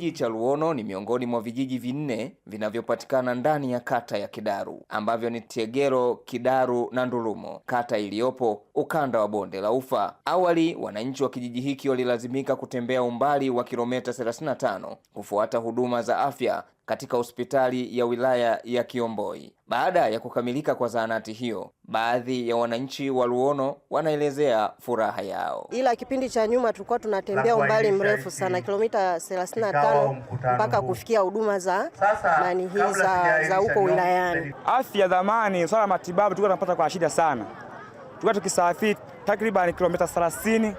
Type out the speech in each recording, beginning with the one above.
Kijiji cha Luono ni miongoni mwa vijiji vinne vinavyopatikana ndani ya kata ya Kidaru ambavyo ni Tegero, Kidaru na Ndulumo, kata iliyopo ukanda wa bonde la Ufa. Awali wananchi wa kijiji hiki walilazimika kutembea umbali wa kilomita 35 kufuata huduma za afya katika hospitali ya wilaya ya Kiomboi. Baada ya kukamilika kwa zahanati hiyo, baadhi ya wananchi wa Luono wanaelezea furaha yao. Ila kipindi cha nyuma tulikuwa tunatembea umbali mrefu sana, kilomita 35 mpaka kufikia huduma za nani hii za huko wilayani. Afya zamani, swala matibabu tulikuwa tunapata kwa shida sana, tulikuwa tukisafiri takriban kilomita 30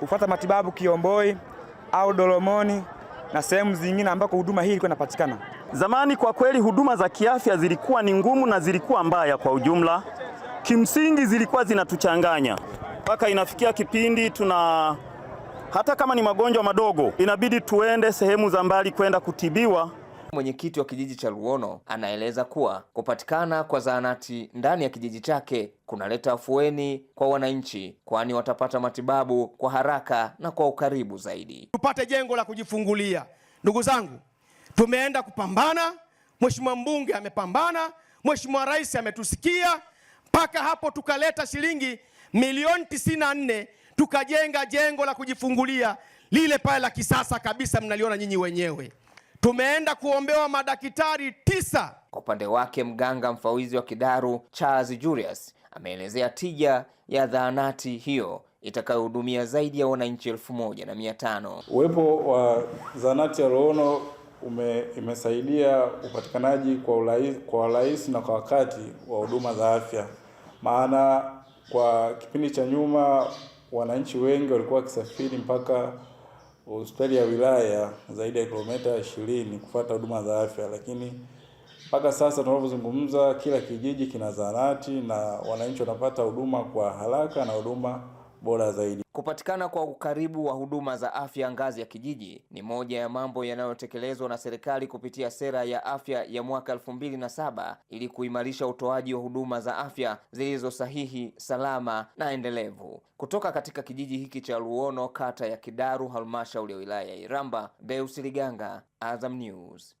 kufuata matibabu Kiomboi au Dolomoni na sehemu zingine ambako huduma hii ilikuwa inapatikana. Zamani kwa kweli huduma za kiafya zilikuwa ni ngumu na zilikuwa mbaya kwa ujumla. Kimsingi zilikuwa zinatuchanganya mpaka inafikia kipindi tuna hata kama ni magonjwa madogo inabidi tuende sehemu za mbali kwenda kutibiwa. Mwenyekiti wa kijiji cha Luono anaeleza kuwa kupatikana kwa zahanati ndani ya kijiji chake kunaleta afueni kwa wananchi, kwani watapata matibabu kwa haraka na kwa ukaribu zaidi. Tupate jengo la kujifungulia, ndugu zangu. Tumeenda kupambana, mheshimiwa mbunge amepambana, mheshimiwa rais ametusikia, mpaka hapo tukaleta shilingi milioni 94 tukajenga jengo la kujifungulia lile pale la kisasa kabisa, mnaliona nyinyi wenyewe. Tumeenda kuombewa madaktari tisa. Kwa upande wake, mganga mfawizi wa Kidaru Charles Julius ameelezea tija ya zahanati hiyo itakayohudumia zaidi ya wananchi elfu moja na mia tano. Uwepo wa zahanati ya Ruhono ume, imesaidia upatikanaji kwa urahisi kwa urahisi na kwa wakati wa huduma za afya, maana kwa kipindi cha nyuma wananchi wengi walikuwa wakisafiri mpaka hospitali ya wilaya zaidi ya kilomita ishirini kufuata huduma za afya, lakini mpaka sasa tunavyozungumza, kila kijiji kina zahanati na wananchi wanapata huduma kwa haraka na huduma bora zaidi. Kupatikana kwa ukaribu wa huduma za afya ngazi ya kijiji ni moja ya mambo yanayotekelezwa na serikali kupitia sera ya afya ya mwaka elfu mbili na saba ili kuimarisha utoaji wa huduma za afya zilizo sahihi, salama na endelevu. Kutoka katika kijiji hiki cha Luono, kata ya Kidaru, halmashauri ya wilaya ya Iramba, Deus Liganga, Azam News.